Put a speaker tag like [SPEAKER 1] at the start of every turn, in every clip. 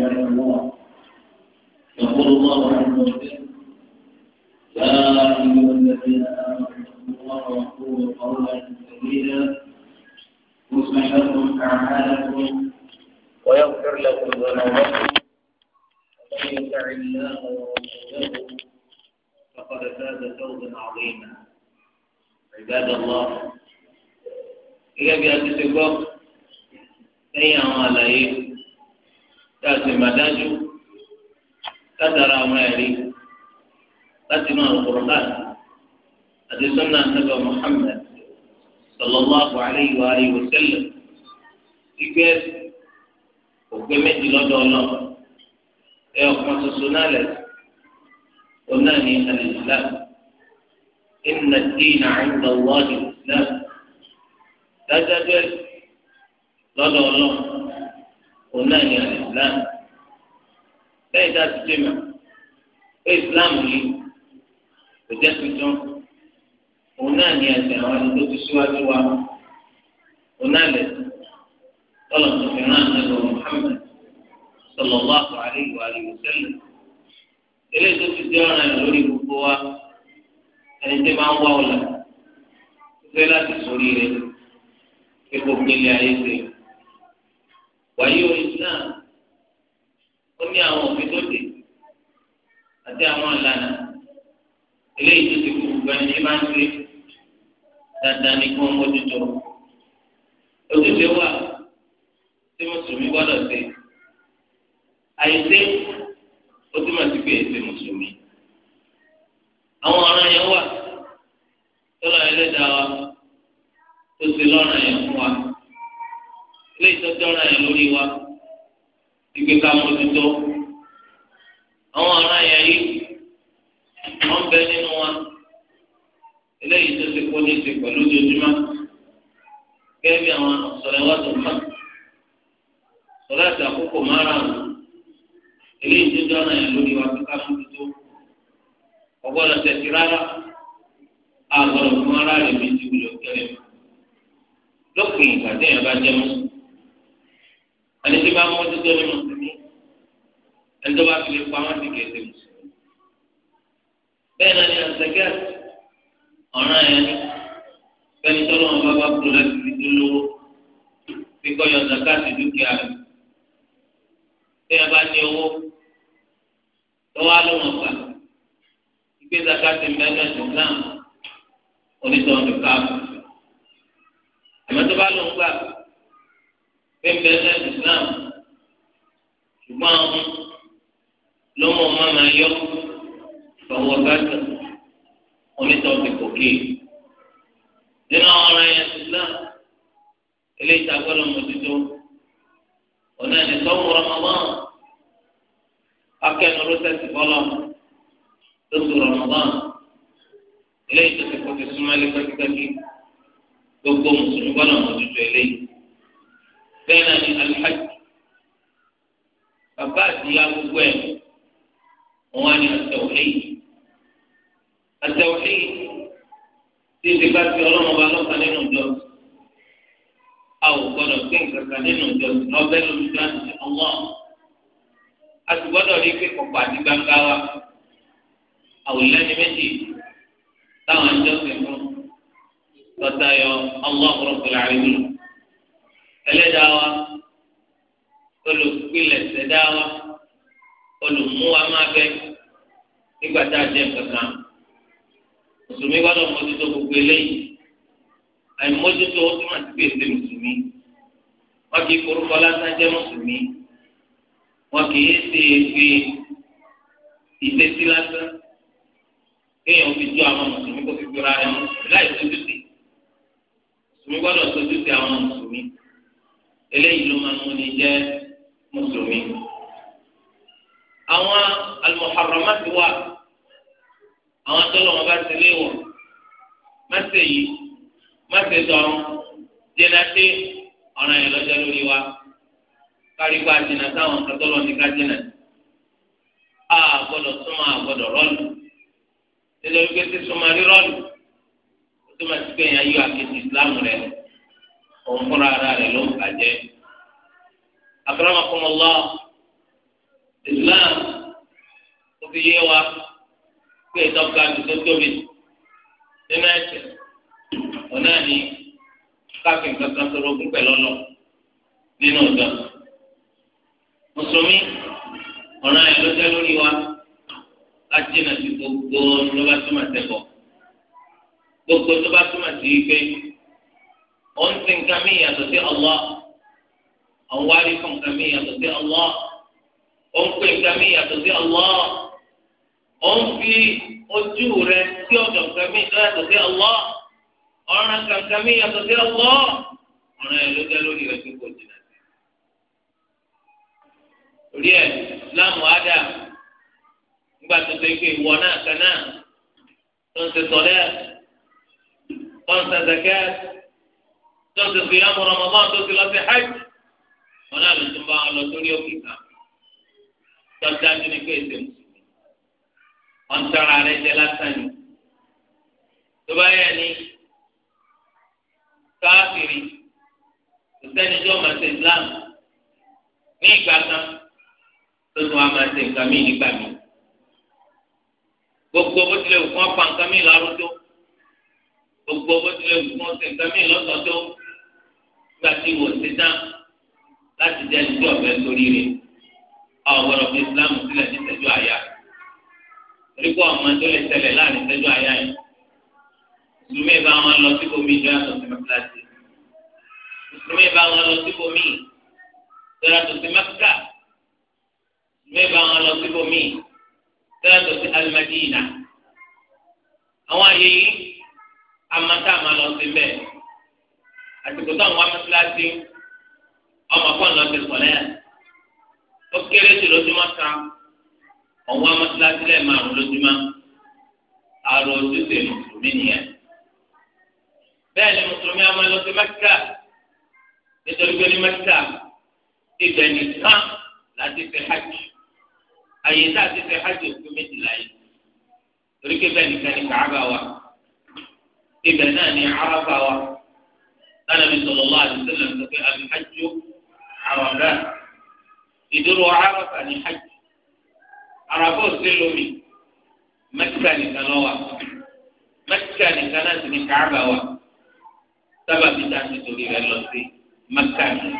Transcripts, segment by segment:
[SPEAKER 1] الله
[SPEAKER 2] الدنيا يصلح أعمالكم ويغفر لكم ذنوبكم ومن يطع الله ورسوله فقد فاز فوزا عظيما عباد الله إلى بأن تسبق lẹ́yìn àwọn àlàyé tí a sì máa dájú látara àwọn سنة láti inú àti sallallahu alayhi wa alihi wa sallam ìgbẹ́ ògbé méjì lọ́dọ̀ ọlọ́ọ̀ ẹ ọ̀kan ṣoṣo náà lẹ̀ ọ̀nà ní al-Islam inna ad-dina 'inda Allah al-Islam dájájọ́ lọ́dọ̀ ọlọ́ọ̀ ọ̀nà ní al-Islam lẹ́yìn tá a ti dé mọ̀ pé Islam yìí kò jẹ́ tuntun. òun náà ní ẹsẹ̀ àwọn ẹni ti síwájú wa òun náà lẹ̀ Muhammad eléyìí tó ọ̀ràn lórí gbogbo wa ẹni tí máa ń wá fẹ́ láti sórí rẹ̀ ayé wàyí ó ní àwọn òfin tó dé àti àwọn ìlànà eléyìí tó dandan ni kó mójútó ojúṣe wà tí mùsùlùmí gbọ́dọ̀ ṣe àìsí ó túmọ̀ sí pé èsì mùsùlùmí àwọn ọ̀ràn yẹn wà tọ́lá ẹlẹ́dàá wa tó ṣe lọ́ràn yẹn fún wa ilé ìtọ́jú ọ̀ràn yẹn lórí wa ìgbé ká mójútó àwọn ọ̀ràn yẹn yìí wọ́n bẹ nínú wa eléyìí tó ti kó ní ti pẹ̀lú ojoojúmọ́ gẹ́gẹ́ bí àwọn sọ̀rọ̀ wá tó mọ́ sọ̀rọ̀ àti àkókò márùn-ún eléyìí tó dáná yẹn lórí wa kíkà fún tuntun ọgbọ́dọ̀ tẹ̀sí rárá àgbọ̀dọ̀ fún ara rẹ̀ bí ti wúlò kẹrẹ̀ lópin ìgbà téèyàn bá jẹ́ mọ́sùn ẹni tí bá mọ́tò tó ní mùsùlùmí ẹni tó bá fi lè pa wọ́n ti kẹ̀sẹ̀ mùsùlùmí bẹ́ẹ̀ náà ni ọ̀ràn yẹn fẹ́ni tó lọ́wọ́ bá bá kú láti fi tó lówó bí kọ́ yọ zakati dúkìá rẹ̀ tẹ́yà bá ní owó lọ́wọ́ alóhùn ọ̀gbà ìgbé zakati mẹ́rin ẹ̀sùn náà onítọ̀hún ti ká àmọ́ tó bá lóhùn gbà pé mẹ́rin ẹ̀sùn náà ṣùgbọ́n lọ́wọ́ ọmọ máa yọ ọ̀wọ́ bá onítọ̀ ti gòkè nínú àwọn ọ̀rọ̀ yẹn Islam eléyìí tá a gbọ́dọ̀ mójútó ọ̀nà ẹni sọ́wọ́ Ramadan akẹ́nu rọ́sẹ̀sì bọ́lọ̀ lóṣù Ramadan eléyìí tó ti kó ti súnmọ́ ilé pẹ́kípẹ́kí gbogbo mùsùlùmí gbọ́dọ̀ mójútó eléyìí bẹ́ẹ̀ náà ni alihaj bàbá àti ìyá gbogbo ẹ̀ wọ́n á ní ọ̀sẹ̀ òléyìí. التوحيد tí ibi bá ti ọlọ́run ọba lọ́kàn nínú ìjọ a ò gbọ́dọ̀ pé nǹkan nínú ìjọ lọ́bẹ̀ lórí ìjọ àti ọmọ a sì gbọ́dọ̀ rí pé kọ̀kọ̀ àti gbangba wa àwòlẹ́ni méjì táwọn ìjọ sì fún tọ́ta yọ Allahu Rabbul Alamin ẹlẹ́dàá wa olùpilẹ̀ ṣẹ̀dá wa olùmúwa máa bẹ nígbà tá a jẹ́ nǹkan mùsùlùmí gbọ́dọ̀ mójútó gbogbo eléyìí àìmójútó ó túmọ̀ sí pèsè mùsùlùmí wọn kì í forúkọ lásán jẹ́ mùsùlùmí wọn kì í ṣe fi ìṣesí lásán kéèyàn fi jó àwọn mùsùlùmí kó fi jọra rẹ̀ mùsùlùmí láì tójú mùsùlùmí gbọ́dọ̀ tójú sí àwọn mùsùlùmí eléyìí ló máa ń múni jẹ́ mùsùlùmí àwọn al-muharramat wà àwọn tọ́lọ̀ wọn bá ti lé wọ̀ má ṣe yìí má ṣe tọrun jẹ́nà sí ọ̀ràn yẹn lọ́jọ́ lórí wa kárígbá jìnnà sáwọn kátọ́lọ̀ ní ká jìnnà a gbọ́dọ̀ súnmọ́ a gbọ́dọ̀ rọ́ọ̀lù nítorí pé sísúnmọ́ rí rọ́ọ̀lù ó túmọ̀ sí pé èèyàn yọ àkejì ìsìlámù rẹ̀ òun fúnra ara rẹ̀ ló ń bàjẹ́ akramakumullah ìsìlámù ó fi yé wa pé ìtọ́ka ju tó tóbi nínú ẹ̀sẹ̀ òun náà ni káfíń kankan sọ̀rọ̀ ogún pẹ̀lú ọlọ́ nínú ọ̀dọ́. mùsùlùmí ọ̀ràn ẹ̀ ló jẹ́ lórí wa láti jìnnà sí gbogbo ló bá túmọ̀ sẹ́kọ̀ gbogbo tó bá túmọ̀ sí wípé ó ń sin nǹkan mí ìyàtọ̀ sí Allah ọ̀n wárí fún nǹkan mí ìyàtọ̀ sí Allah ó ń pè nǹkan mí ìyàtọ̀ sí Allah ó ń fi ojú rẹ sí ọ̀dọ̀ kàmí tó yàtọ̀ sí ọlọ́ ọ̀ràn kàkàmí yàtọ̀ sí ọlọ́ ọ̀ràn ẹ̀ ló jẹ́ lórí rẹ tó kò jìnnà sí. orí ẹ̀ láàmú ádá nígbà tó ṣe pé ìwọ náà kan náà tó ń ṣe sọ̀rẹ́ tó ń ṣe zẹ̀kẹ́ tó ń ṣe fìyàmù Ramadan tó ti lọ sí hajj wọn náà ló tún bá wọn lọ sórí òkè kan tó dájú ní pé èsè mú wọn tara rẹ lásán ni tó bá yẹ ni káfíìrì ìsẹni tí wọn máa ṣe islam ní ìgbà kan tó tún wọn máa ṣe nǹkan mí nígbà mí gbogbo bó tilẹ̀ òkun ọ̀pá nǹkan mí lárúdó gbogbo bó tilẹ̀ òkun ọ̀sẹ̀ nǹkan mí lọ́sọ̀tó gba ti wò sí dán láti jẹ́ ní tí ọ̀fẹ́ sórí rẹ̀ ọ̀gbọ́dọ̀ fi islam sílẹ̀ ní ìtẹ́jú àyà rẹ̀ torí kó ọmọ tó lè ṣẹlẹ̀ láàrin ìtẹ́jú àyà yìí mùsùlùmí bá wọn lọ sí bomi ìjọ yàtọ̀ sí mẹ́tíláṣí mùsùlùmí bá wọn lọ sí bomi ìjọ yàtọ̀ sí mẹ́tíkà mùsùlùmí bá wọn lọ sí bomi ìjọ yàtọ̀ sí alimadina àwọn àyè yìí amata àmà lọ sí bẹ́ẹ̀ àsìkò tó àwọn mẹ́tíláṣí ọmọ kan lọ sí sọ̀lẹ́ ó kéré jù lójúmọ́ kan. ọ̀hún wá mọ́sálásí lẹ́ẹ̀ márùn lójúmọ́ àrò ojúṣe mùsùlùmí nìyẹn. bẹ́ẹ̀ ni mùsùlùmí a máa lọ sí mẹ́kà nítorí pé ní mẹ́kà ibẹ̀ nìkan láti fẹ́ hajj àyè tá a ti fẹ́ hajj òkú méjìlá yìí torí pé bẹ́ẹ̀ nìkan ni kàába wa ibẹ̀ náà ni àràbà wa mi sọ̀rọ̀ anabi sallallahu alaihi wasallam sọ pé àwọn arafa ìdúró arafa ni hajj. àràbọ̀ sí lómi mẹ́tíkà nìkan lọ wà mẹ́tíkà nìkan náà sì ní káàbà wà sábà bí tá ti torí rẹ̀ lọ sí mẹ́tíkà nìkan.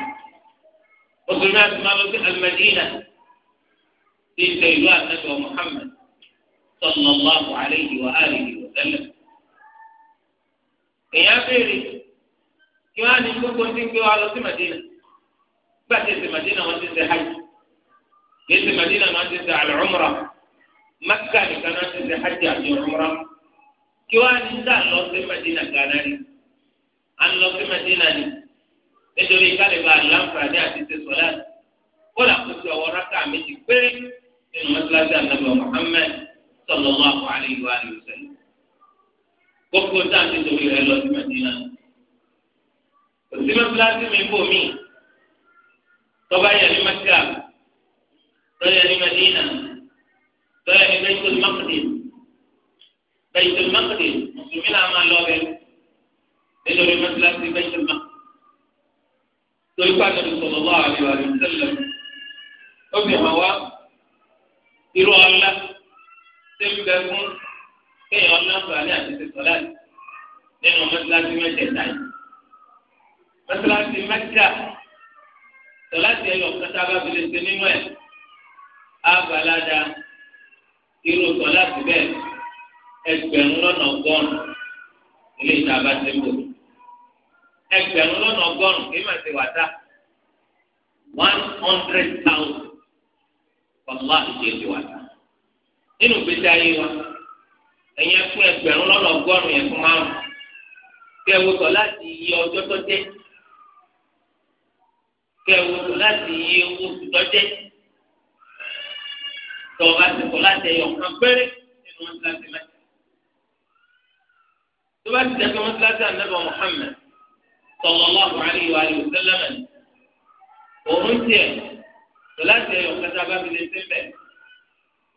[SPEAKER 2] mùsùlùmí àti máa lọ sí alimẹ́dínà tí ṣe ìlú àtẹ́tọ̀ Muhammad sallallahu alayhi wa alihi wa sallam. èèyàn béèrè kí wọ́n á ní gbogbo ti gbé wa lọ sí madina gbàtẹ́sẹ̀ madina wọ́n ti ṣe hajj. kéésì madina náà ti ṣe àlè ọmọra maka nìkan náà ti ṣe hajj àti ọmọra kí wàá ní sá lọ sí madina gánà ni à ń lọ sí madina ni nítorí kálíba àlàǹfààní àti ṣe sọlá kódà kó ti ọwọ́ rákà méjì péré nínú mọ́tíláṣí ànábì Muhammad sallallahu alayhi wa sallam gbogbo táà ti torí rẹ̀ lọ sí madina òsì mọ́tíláṣí mi bò mí tọ́ba yẹn ní mọ́tíláṣí. بيا لمدينة بيا بيت المقدس بيت المقدس مسلمين عمال لوغن إلو لمسلك لبيت المقدس ويقال النبي صلى الله عليه وآله وسلم أبي هوا يروى الله تبقون كي الله فعليا في الصلاة لأنه مسلك لمسلك لبيت المقدس مسلك لمسلك ثلاثة يوم كتابة في الاسم المؤمن àgbàládà irú sọlá ti bẹ́ẹ̀ ẹgbẹ̀rún lọ́nà ọgọ́rùn-ún ilé ìta bá ti bò ẹgbẹ̀rún lọ́nà ọgọ́rùn-ún kí màá ti wà dá one hundred thousand ọmọ àtijọ́ ti wà dá nínú gbèsè ayé wa ẹ̀yin fún ẹgbẹ̀rún lọ́nà ọgọ́rùn-ún yẹn fún márùn-ún kí ẹ wo sọ láti iye ọjọ́ tó jẹ́ kí ẹ wo láti iye oṣù tó jẹ́ tọba ti kọ láti ẹyọ kan péré nínú wọn láti mẹ́ta tó bá ti dẹ́gbẹ́ wọn láti ànábì Muhammad sallallahu alaihi wa alihi wa sallam òun tiẹ̀ tó láti ẹyọ kan tá a bá fi lè síbẹ̀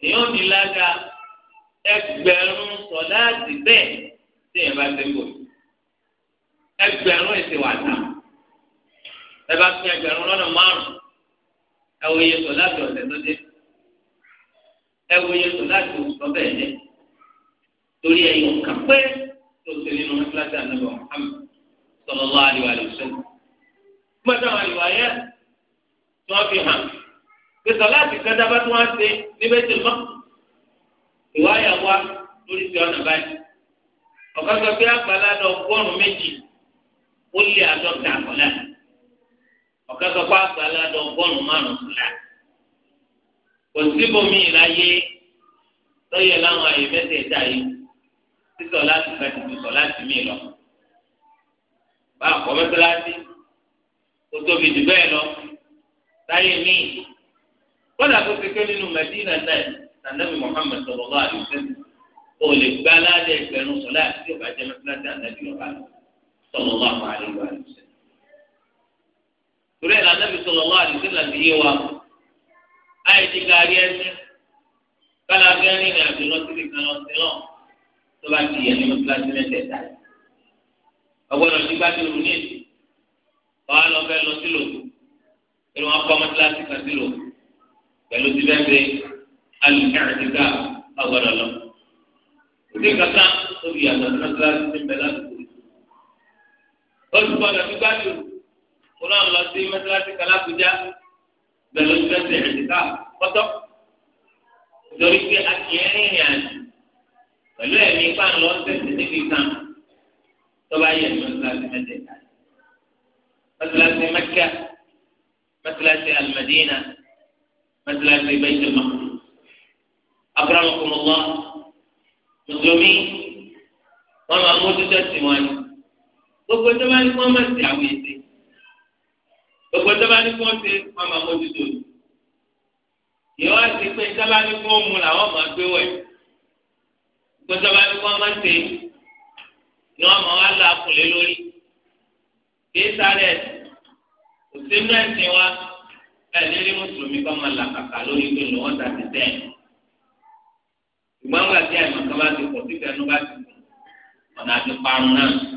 [SPEAKER 2] èèyàn ní lága ẹgbẹ̀rún sọ̀láàtì bẹ́ẹ̀ tí èèyàn bá ti ń bò ẹgbẹ̀rún èsì ẹ bá fi ẹgbẹ̀rún lọ́nà márùn ẹ wòye sọ̀láàtì ọ̀sẹ̀ tó dé ẹ wo yẹn tó láti òkùnkàn bẹ́ẹ̀ lẹ torí ẹyọ kan pé tó ṣe nínú mọ́tíláṣí ànábọ̀ Muhammad sallallahu alaihi wasallam. mọ́tò àwọn àlùwà yẹn tí wọ́n fi hàn pé sọláàtì kẹtàbá tí wọ́n ṣe níbẹ̀ tó mọ́ ìwáyà wa lórí ti ọ̀nà báyìí ọ̀kan sọ pé àgbàlá lọ ọgọ́rùn méjì ó lé àádọ́ta àkọlá ọ̀kan sọ pé àgbàlá lọ ọgọ́rùn márùn-ún fúlàní kò síbòmí ìláyé lọ́yẹ̀ láwọn àyè mẹ́tẹ̀ẹ̀ta yìí sísọ láti fẹ́ tuntun sọ láti mí lọ. bá a kọ́ mẹ́tẹ́láṣí kó tóbi jù bẹ́ẹ̀ lọ láyé mí. kódà tó ti ké nínú mẹ́dínà náà nànàbì Muhammad sallallahu alaihi wasallam kò lè gbá aládé ẹgbẹ̀rún sọ láti tí ọba jẹ́ mẹ́tẹ́láṣí ànábì ọba sallallahu alaihi wasallam. torí ẹ̀ nànàbì sallallahu alaihi wasallam ti àìsí gàrí ẹsìn kálá fẹ́ẹ́ rìn àjò lọ síbi kan lọ sí lọ́n tó bá ti yẹ ní mọ́tíláṣí mẹ́tẹ̀ẹ̀ta ọgbọ́dọ̀ ti bá ti rù ní èsì ọ̀hán lọ fẹ́ lọ sí lòdù irun wọn kọ́ mọ́tíláṣí kan sí lòdù pẹ̀lú ti fẹ́ ṣe alùpàdìgà ọgbọ́dọ̀ lọ. òsì kankan tó fi yàtọ̀ sí mọ́tíláṣí ti bẹ̀ lásìkò oṣù gbọ́dọ̀ ti gbá ti rù kó náà lọ sí mọ́tíláṣí kan lákùjá. bẹ̀rù fẹsẹ̀ ẹ̀dínká pọ́tọ́. Nítorí pé a kì í rìn ìrìn àjò pẹ̀lú ẹ̀mí pàǹlọ́ sẹ̀sẹ̀ níbi kan tọ́ba yẹ mọ́tíláṣí mẹ́tẹ̀ẹ̀ta. Mọ́tíláṣí Mẹ́kà, mọ́tíláṣí Almadina, mọ́tíláṣí Baitul Maqdis. Akramakumullah, Mùsùlùmí, wọ́n máa mójútó ẹ̀sìn wọn. Gbogbo ẹjọ́ bá ní kí wọ́n máa ṣe àwọn èdè. gbogbo sábà ní kí wọ́n ṣe wọ́n máa mójútó ni ìyẹn wá sí pé sábà ní kí wọ́n làwọn máa gbé wẹ̀ gbogbo sábà ní kí máa ṣe ni wọ́n máa wá là kùlé lórí kí sáré kò sí mẹ́sìn wa ẹ̀ lérí mùsùlùmí kan máa là kàkà lórí pé lọ́wọ́ ta ti tẹ̀ ìgbọ́n gbà tí àìmọ̀ kan bá ti pọ̀ sí ìfẹ́nu bá ti pọ̀ ọ̀nà àti parun náà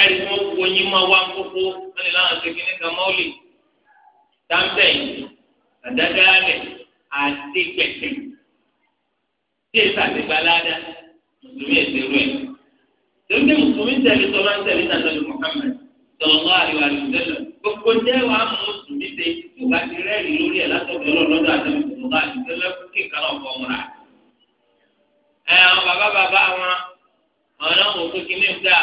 [SPEAKER 2] ẹ̀rí tí wọ́n wo yín máa wá kókó wọ́n lè láwọn ṣe kíní kan mọ́ọ̀lì táǹtẹ̀ yìí àdádálẹ̀ àtẹ̀gbẹ̀tẹ̀ tí èsì àtẹ̀gbàládà mùsùlùmí ẹ̀sẹ̀rú ẹ̀. torí pé mùsùlùmí tẹ̀lé tó máa ń tẹ̀lé náà lọ́dún Muhammad sọ̀rọ̀ àríwá àdùnsẹ́lẹ̀ gbogbo jẹ́ wà á mú mùsùlùmí ṣe tí o bá ti rẹ́ẹ̀rì lórí ẹ̀ látọ̀dọ̀ lọ́dọ̀ àdùnsẹ́lẹ̀ àdùnsẹ́lẹ̀ kíkan náà fọ́ wọn rà. ẹ àwọn bàbá bàbá wọn àwọn náà kíní ń dáa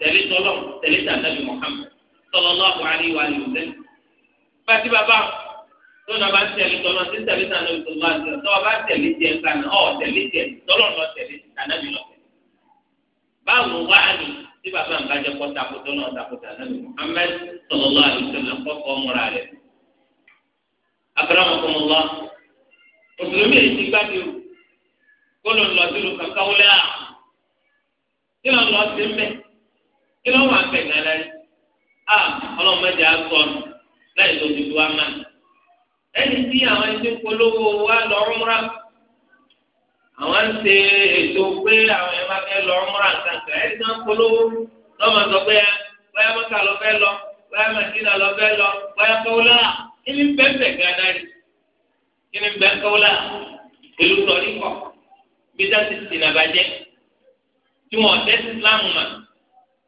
[SPEAKER 2] tẹ̀lé tọ́lọ̀ tẹ̀lé tàbí Muhammad sallallahu alaihi wa sallam. pàtí bàbá tó náà bá tẹ̀lé tọ́lọ̀ tí tẹ̀lé tàbí tọ́lọ̀ àti ọ̀tọ́ bá tẹ̀lé tiẹ̀ kan ọ̀ tẹ̀lé tiẹ̀ tọ́lọ̀ lọ tẹ̀lé tàbí lọ tẹ̀lé. báwo wá ni tí bàbá ń bàjẹ́ kọ́ tako tọ́lọ̀ tako tàbí Muhammad sallallahu alaihi wa sallam kọ́kọ́ múra rẹ̀. akramakumullah mùsùlùmí kí ló máa fẹ̀ gánà rí a ọlọ́run mẹ́jẹ á sọ ọ́nù láì tó dúdú á má ẹni tí àwọn ẹni tó polówó wa lọ rúmúrà àwọn ń ṣe ètò pé àwọn ẹ̀ máa fẹ́ lọ rúmúrà kankan ẹni tó ń polówó lọ́mọ sọ pé báyà mọ́tà lọ fẹ́ lọ báyà màdínà lọ fẹ́ lọ báyà kọ́wọ́lá kí ni bẹ́ẹ̀ fẹ̀ gánà rí kí ni bẹ́ẹ̀ kọ́wọ́lá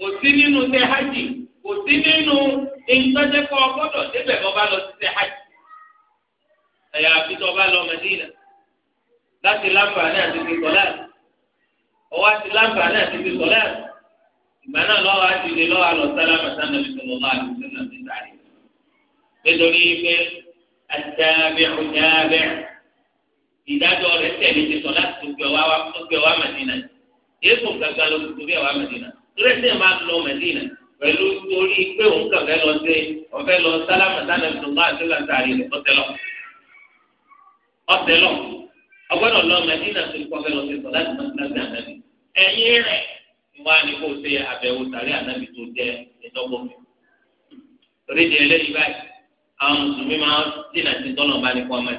[SPEAKER 2] kò sí nínú tẹ hajj kò sí nínú ìtọ́jẹ́kọ́ gbọ́dọ̀ débẹ̀ bọ́ bá lọ sí tẹ hajj ẹ̀yà àfitọ́ bá lọ Mẹ́dínà láti láǹfààní àti ti sọ̀lá ọwọ́ àti láǹfààní àti ti sọ̀lá ìgbà náà lọ́wọ́ àti ilé lọ́wọ́ àlọ́ sálámà sáná bí sọ̀rọ̀ lọ́wọ́ àti sọ̀rọ̀ àti sàrí. nítorí pé àtàbẹ̀ ọ̀tàbẹ̀ ìdájọ́ rẹ̀ tẹ̀lé ti sọ̀lá tó gbẹ wá Mẹ́dínà yéésù gbàgbà ló lẹ́sẹ̀ máa lọ mẹ́dínà pẹ̀lú orí pé òun kàn fẹ́ lọ sí ọ̀fẹ́ lọ sálámà sálámà tó bá àti látàrí rẹ̀ ọ̀tẹ̀lọ̀ ọ̀tẹ̀lọ̀ ọgbọ́dọ̀ lọ mẹ́dínà tó kọ́ fẹ́ lọ sí sọ̀lá ti máa ti ànábì ẹ̀yìn rẹ̀ wá ní kó ṣe àbẹ̀wò sàrí ànábì tó jẹ́ ìdọ́gbọ̀mọ̀ torí di ẹlẹ́yìí báyìí àwọn mùsùlùmí máa ń dínà sí tọ́lọ̀ bá ní kọ́mẹ́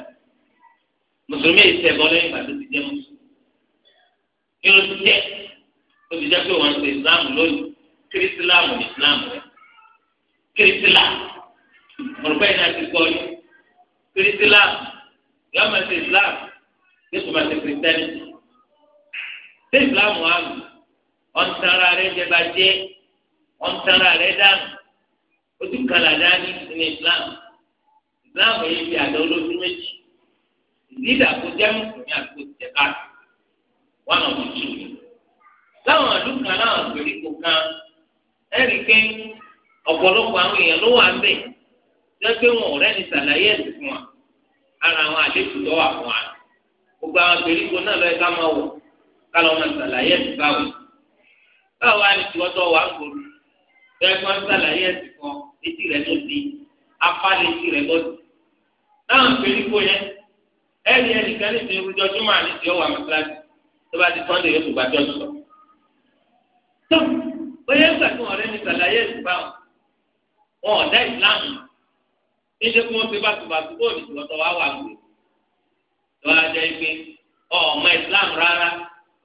[SPEAKER 2] mùsùlùmí ìṣẹ̀bọ lẹ́yìn ìgbà tó ti jẹ́ mùsùlùmí ó ti jẹ́ pé wọ́n ṣe islam lónìí kírísílámù ní islam rẹ̀ kírísílámù mọ̀lùpẹ́ yìí náà ti gbọ́ yìí kírísílámù yọ máa ṣe islam yóò tún máa ṣe kírísítẹ́nì ṣé islam wà lù ọ̀n tara rẹ̀ jẹ́ bá jẹ́ ọ̀n tara rẹ̀ dànù ó ti kàlà dání ní islam islam yìí fi àdá olójú méjì ìdídà kó jẹ́ mùsùlùmí àti kó jẹ́ káàkiri one of the two. láwọn àdúgbò aláwọn ìgbèríko kan ẹnì pé ọ̀pọ̀lọpọ̀ àwọn èèyàn ló wà ń bẹ̀ wọn ò rẹ́ni sàlàyé ẹ̀sìn fún wa ara àwọn àlejò tó wà fún wa gbogbo àwọn náà lọ́ọ́ ká máa wọ̀ ká lọ́ọ́ máa sàlàyé ẹ̀sìn báwo wá ní wà sàlàyé ẹ̀sìn etí rẹ̀ tó di rẹ̀ di láwọn yẹn ṣàlàyé ìgbà wọn ọ̀dá ìsìláàmù níṣẹ́ kí wọ́n ṣe bàtùbàtù bó ní ìwọ́tọ̀ wá wà lóye lọ́wọ́ ajá yìí pé ọmọ ìsìláàmù rárá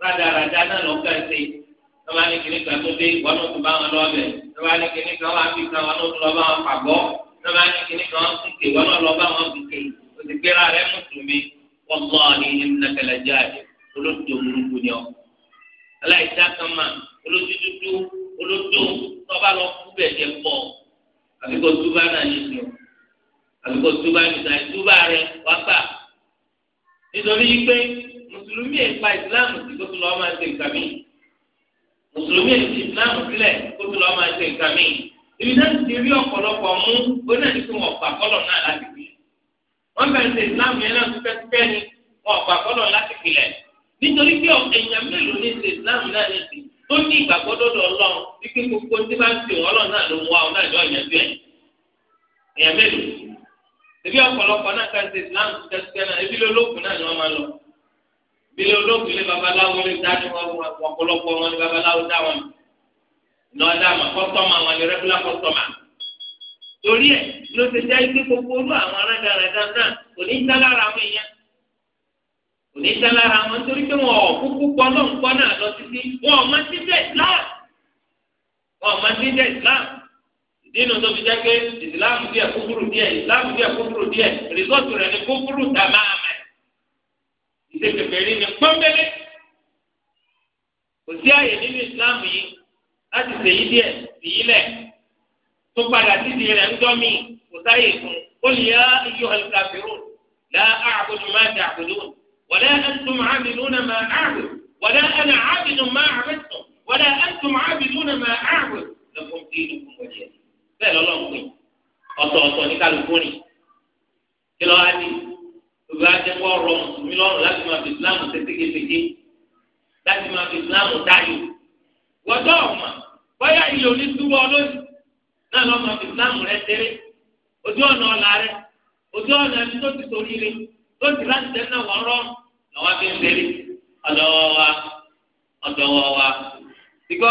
[SPEAKER 2] rádaràdá náà ló ń kà ṣe lọ́wọ́ ní kíní kan tó dé ìwọ́n náà tó bá wọn lọ́wọ́ bẹ̀ lọ́wọ́ ní kíní kan wà bí kan wọn náà tó lọ́ bá wọn pàgọ́ lọ́wọ́ ní kíní kan wọn tún kè wọn náà lọ́ bá wọn kè o ti gbéra rẹ mùsùlùmí wàlláhi ìnàkàlàjà olóòtú òmùrùkù ni ọ aláìsí àkàmà olójú dúdú olódó tọ́ba lọ kú bẹ̀ jẹ́ pọ̀ àbí kò túbà náà yìí ni o àbí kò túbà nìta ìtúbà rẹ wá gbà nítorí pé mùsùlùmí ìpa ìsìláàmù sí kó tó lọ́ọ́ máa ṣe nǹkan mi mùsùlùmí ìpa ìsìláàmù sílẹ̀ kó tó lọ́ọ́ máa ṣe nǹkan mi ibi náà ti rí ọ̀pọ̀lọpọ̀ mú oní àti fún ọ̀pá kọ́lọ̀ náà láti fi wọ́n fẹ́ẹ́ ṣe ìsìláàmù yẹn náà fẹ́ẹ́ ní ọ̀pá kọ́lọ̀ láti fi lẹ̀ nítorí pé èèyàn mélòó ní ṣe ìsìláàmù náà ní ti tó ní ìgbàgbọ́ lọ́dọ̀ ọlọ́run wípé gbogbo tí bá ń sè wọ́n lọ́nà ló mú wa ọ̀nà ìjọ ìyẹ́jú ẹ̀ èèyàn mélòó ebi ọ̀pọ̀lọpọ̀ náà ká ṣe islam kẹsíkẹ́ náà ebi lolóògùn náà ni wọ́n máa lọ ebi lolóògùn lé babaláwo lè dá ní ọ̀pọ̀lọpọ̀ wọn ní babaláwo dá wọn lọ dá wọn kọ́tọ́mà wọn ní rẹ́gúlá kọ́tọ́mà torí ẹ̀ ló ti jẹ́ ikú gbogbo olú àwọn aráàlú náà kò ní í dá lára àwọn èèyàn onísàlára wọn torí pé wọn ò kúkú gbọ́ náà ń gbọ́ náà lọ títí wọn ò mọ títẹ̀ islam wọn ò mọ títẹ̀ islam ìdínú tó fi jẹ́ islam díẹ̀ kúkúrú díẹ̀ islam díẹ̀ kúkúrú díẹ̀ rìsọ́ọ̀tù rẹ̀ ní kúkúrú tàmáàmà ìdè kẹfẹ́rí ni pọ́nbélé kò sí àyè nínú islam yìí láti ṣèyí díẹ̀ ṣèyí lẹ̀ tó padà títì rẹ̀ ń jọ́ mi kò sáyè fún olùyà iyọ̀ alkafirun la a'budu ma ta'budun. ولا أنتم عابدون ما أعبد ولا أنا عابد ما عبدتم ولا أنتم عابدون ما أعبد لكم دينكم ولي دين bẹ́ẹ̀ lọ́lọ́run pè ọtọ ní kálukú ni kí di rọ mùsùlùmí láti máa fi islam láti máa fi islam dáyò bóyá náà máa fi islam rẹ ojú ọ̀nà ọ̀la rẹ ojú ọ̀nà ẹni tó ti torí rẹ. ó ti láti tẹ́ náà wọ́n rọ́ọ̀mù lọ́wọ́ fi ń tẹ́lẹ̀ ọ̀dọ́wọ́ wa ọ̀dọ́wọ́ wa ìwọ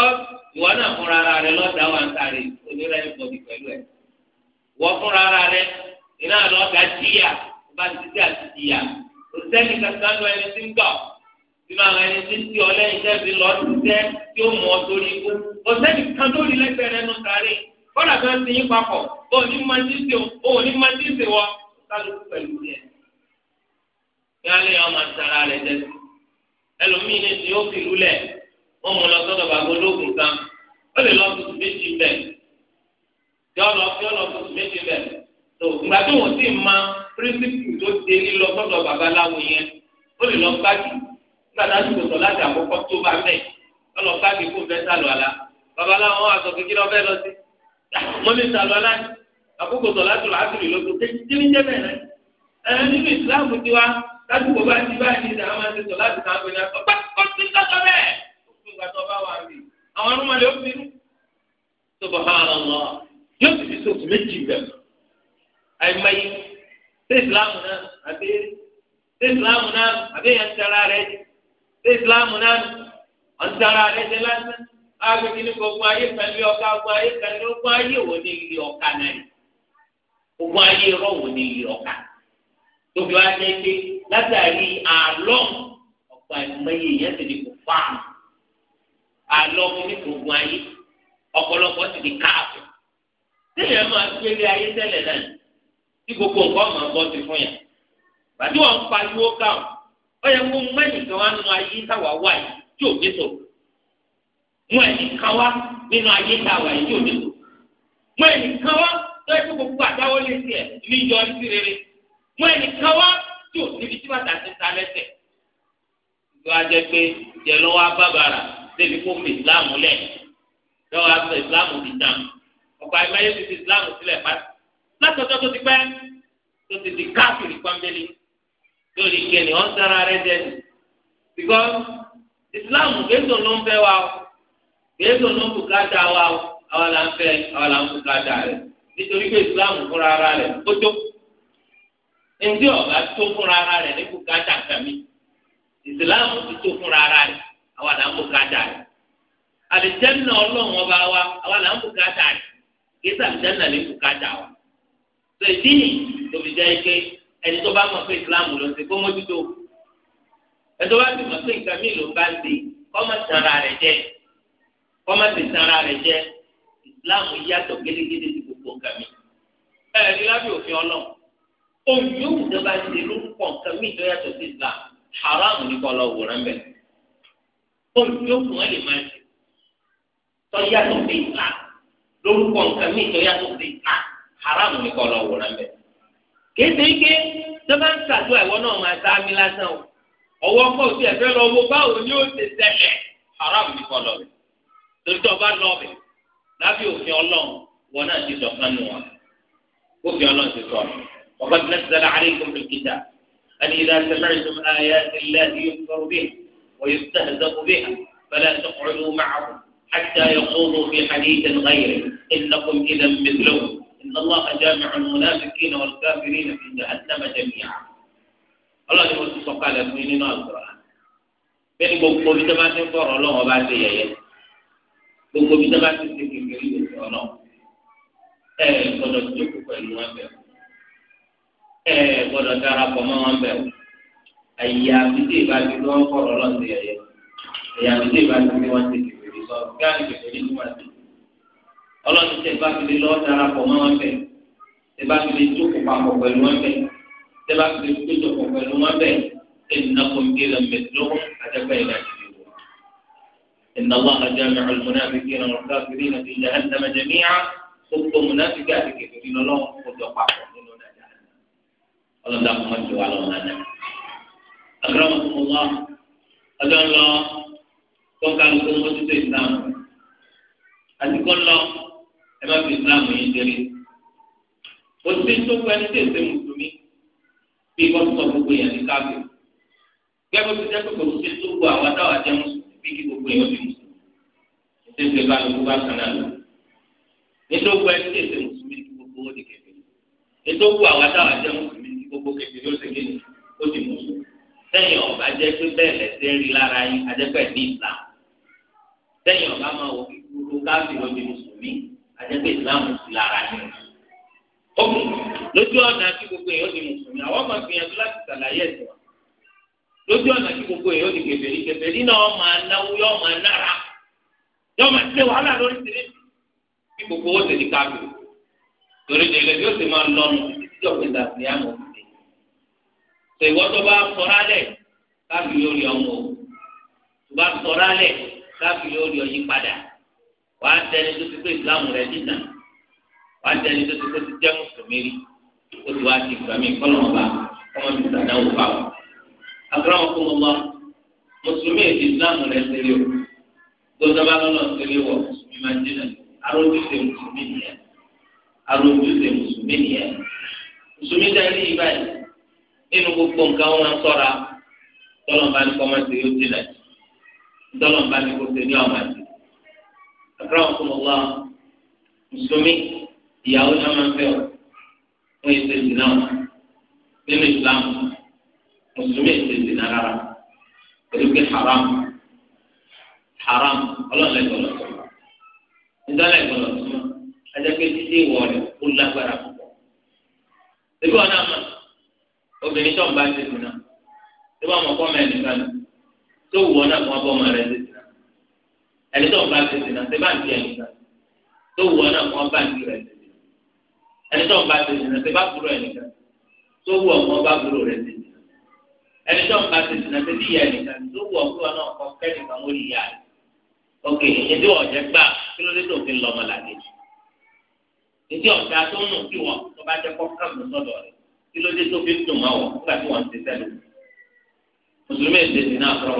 [SPEAKER 2] náà fúnra ara rẹ wà ń tàrí onírẹ́ pẹ̀lú ẹ̀ wọ́n fúnra ara rẹ iná jíyà bá àti jíyà kankan lọ ẹni tí ń gbà ẹni tí ń ti tí ó mọ̀ sórí ikú kan tó rí rẹ kọ́dà kan ti yín papọ̀ máa yálé yẹn ọmọ sara rẹ jẹ ẹlòmíín ní ti ó fi lulẹ̀ wọn mú lọ sọ́dọ̀ bàbá ológun kan ó lè lọ tutù méjì bẹ yọ lọ fi ọ lọ tutù méjì bẹ tó ìgbà tó wọn sì ma pírísìpù tó dé lílọ sọ́dọ̀ babaláwo yẹn ó lè lọ gbájú nígbà tá a ti sọ̀tọ̀ láti àkọ́kọ́ tó bá mẹ́ ọ lọ gbájú kó fẹ́ sálọ àlá babaláwo wọn àtọ̀ kékeré ọbẹ̀ lọ sí wọn ní sálọ àlá àkókò sọ̀ láti lọ àtúrì lọ́tọ̀ kékeré jẹ́ bẹ́ẹ̀ rẹ ẹ nínú ìsìlámù tiwa. ládùúgbò bá ti báyìí ní ìdáhùn máa ń tẹ̀sọ̀ láti náà gbé náà pẹ́ kó ti ń tọ́jọ́ bẹ́ẹ̀ ó fún ìgbà tó bá wà rí àwọn ó fi rú. lọ yóò fi méjì ṣé ìsìláàmù náà àbí ṣé ìsìláàmù náà àbí yẹn ń tẹ́ra rẹ̀ ṣé ìsìláàmù náà ń tẹ́ra rẹ̀ ayé pẹ̀lú látàrí àlọ́ ọ̀pọ̀ àìmọye èèyàn ti di kò fáàmù àlọ́ oníkòògùn ayé ọ̀pọ̀lọpọ̀ ti di káàbù téèyàn máa gbélé ayé tẹ́lẹ̀ náà tí gbogbo nǹkan máa bọ́ sí fún yàn bàtí wọn ń pariwo káwọn ó yẹ kó mẹ́rin kan wá nínú ayé táwa wà yìí tí ò ní sòrò mẹ́rin kan wá nínú ayé táwa yìí tí ò ní sòrò mẹ́rin kan wá tó yẹ kó gbogbo àdáwọlé tiẹ̀ níjọ sí rere mẹ́rin kan wá tí o níbi tí bàtà ti ta lẹ́sẹ̀. tó a jẹ pé jẹ̀lọ́ wa bá bàrà débi kó fi ìsìláàmù lẹ̀ lọ́wọ́ a fẹ́ ìsìláàmù ti tàn. ọ̀pọ̀ àyè máyé ti fi ìsìláàmù sílẹ̀ pàtó. látọ̀tọ̀ tó ti pẹ́ tó ti di káàkiri pọ́nbélé lórí kẹ́ni ọ̀n sára rẹ jẹ ni. because ìsìláàmù kéètò ló ń fẹ́ wa o kéètò ló ń bùkátà wa o àwọn là ń fẹ́ àwọn là ń bùkátà rẹ̀ nítorí pé ìsìláàmù fúnra ara rẹ̀ ó ẹnití ọba tó fúnra ara rẹ̀ ní bùkátà kàmí ìsìláàmù ti tó fúnra ara rẹ̀ àwa là ń bùkátà rẹ̀ àlìjẹ́nà ọlọ́run ọba wa àwa là ń bùkátà rẹ̀ kìí sàlìjẹ́nà ní bùkátà wa ṣe ìdí nìyí tó fi jẹ́ ike ẹni tó bá mọ̀ pé ìsìláàmù ló ń ṣe kó mójútó ẹni tó bá ti mọ̀ pé nǹkan mí ló ń bá ń ṣe kọ́mọ sanra rẹ̀ jẹ́ kọ́mọ ti sanra rẹ̀ jẹ́ ìsìláàmù yàtọ̀ gédégédé ti gbogbo nǹkan mi ẹ̀ẹ́dí lábẹ́ òfin ọlọ́run ojú ìjọba ṣe ló pọ̀ nǹkan mí tó yàtọ̀ sí Islam haram ní kọ́ lọ wòran bẹ̀. ojú ọkùnrin lè máa ṣe tó yàtọ̀ sí Islam lórúkọ nǹkan mí tó yàtọ̀ sí Islam haram ní kọ́ lọ wòran bẹ̀. kéde ike tó bá ń ṣàdúrà ìwọ náà máa sá mi lásán o ọwọ́ ọkọ̀ òsì ẹ̀fẹ́ lọ wo báwo ni ó ṣe ṣẹlẹ̀ haram ní kọ́ lọ bẹ̀. torí tó bá lọ bẹ̀ lábẹ́ òfin ọlọ́run wọn náà ti sọ̀kan nù wọn òfin ọlọ́run وقد نزل عليكم في الكتاب أن إذا سمعتم آيات الله يكفر بها ويستهزأ بها فلا تقعدوا معهم حتى يخوضوا في حديث غيره إنكم إذا مثلهم إن الله جامع المنافقين والكافرين في جهنم جميعا الله يقول mo ti sọ̀ka lẹ̀ fún yín nínú àgùrà bẹ́ẹ̀ni gbogbo bí sábà ti ń fọ̀rọ̀ ọlọ́run bá ti yẹyẹ gbogbo ẹ gbọ́dọ̀ darapọ̀ mọ́ wọn bẹ̀ o àyè àbíté ìbájú ló ń kọrọ lọsẹ ẹyẹ àyè àbíté ìbájú ni wọn ti kékeré sọ gáàlì kékeré ni wọn ti ọlọ́run tẹ bá fi lè lọ darapọ̀ mọ́ wọn bẹ̀ tẹ bá tó kó jókòó papọ̀ pẹ̀lú wọn bẹ̀ tẹ bá fi lè jókòó pẹ̀lú wọn bẹ̀ إنكم إذا مثلهم أتبين أتبعوا إن الله جامع المنافقين والكافرين في جهنم جميعا gbogbo munafiki àti kẹfìrí lọlọrun kò jọ papọ̀ ọlọ́dà kò má ti wà lọ́wọ́ náà náà. àgbẹ̀rọ̀mọ̀ tó wá ọjọ́ ń tó ń kálu tó ń bó títí islam àti kó ń ẹ má fi islam yìí délé. kò sí tó pẹ́ ní tèsè mùsùlùmí bí wọ́n sọ gbogbo yẹn ní káfíń. gẹ́gẹ́ bó ti jẹ́ pé kò sí tó gbọ́ àwọn táwọn jẹ́ mùsùlùmí bí kí gbogbo yẹn ti mùsùlùmí. tètè bá lóko bá kan ní tèsè ètò gbọ́ gbogbo kẹfìrí ó ṣe kí ni ó di mùsùlùmí sẹ́yìn ọ̀gá jẹ́ pé bẹ́ẹ̀ lẹ́sẹ̀ rí lára yín ajẹ́pẹ́ ní islam sẹ́yìn ọ̀gá máa wò kí gbogbo káfíìn ó di mùsùlùmí ajẹ́pẹ́ islam sí lára yín. ó kù lójú ọ̀nà kí gbogbo èèyàn di mùsùlùmí àwọn máa gbìyànjú láti ṣàlàyé ẹ̀sìn wa lójú ọ̀nà kí gbogbo èèyàn di kẹfẹ́rí kẹfẹ́rí náà máa náwó yọ máa nára yọ máa ṣe wàhálà lórí tìrì kí gbogbo ó ti di káfíìn torí tẹ̀wọ́ tó bá sọ̀rọ̀ alẹ̀ káfí lórí ọmọ o tó bá sọ̀rọ̀ alẹ̀ káfí lórí ọyí padà wà á tẹni tó ti pé ìsìlámù rẹ̀ dìtà wà á tẹni tó ti pé ti jẹ́ mùsùlùmí rí o ti wá ti gbàmí kọ́lọ́mọba ọmọ ti sàdá wò fà o. àkàrà wọn kó mo mọ mùsùlùmí èdè ìsìlámù rẹ̀ sílẹ̀ o gbọ́dọ̀ lọ́nà sílẹ̀ wọ̀ mùsùlùmí máa dínà arójúṣe nínú gbogbo nǹkan wọn ṣọ́ra tọlọmba ní kọmọsí yóò jìnà tọlọmba ní kọsí ní ọmọ àti abraham kọmọlá mùsùlùmí ìyàwó náà máa ń fẹ́ ọ fún ìṣe ìdìnnà wọn nínú islam mùsùlùmí ìṣe ìdìnnà rárá pẹ̀lú pé haram haram ọlọ́ọ̀lẹ́ gbọ́dọ̀ tó ìdálẹ́ gbọ́dọ̀ tó ajá pé títí ìwọ rẹ̀ ó lágbára púpọ̀. ìlú ọ̀nà àmà obìnrin tó ń bá ti dùn náà tó bá mọ kọ́ mọ ẹnìkan nù tó wù ọ́ náà kó wọ́n bọ́ ọmọ rẹ ti dùn náà ẹni tó ń bá ti dùn náà tó bá ń ti ẹnìkan tó wù ọ́ náà kó wọ́n bá ń ti rẹ ti dùn ẹni tó ń bá ti dùn náà tó bá kúrò ẹnìkan tó wù ọ́ kó wọ́n bá ti dùn ẹni tó ń bá ti dùn náà tó bí ìyá ẹnìkan tó wù ọ́ kó wọ́n ó yíyá kí ló dé tó fi dùn máa wọ̀ nígbà tí wọ́n ti sẹ́nu mùsùlùmí èdè sì náà sọ̀rọ̀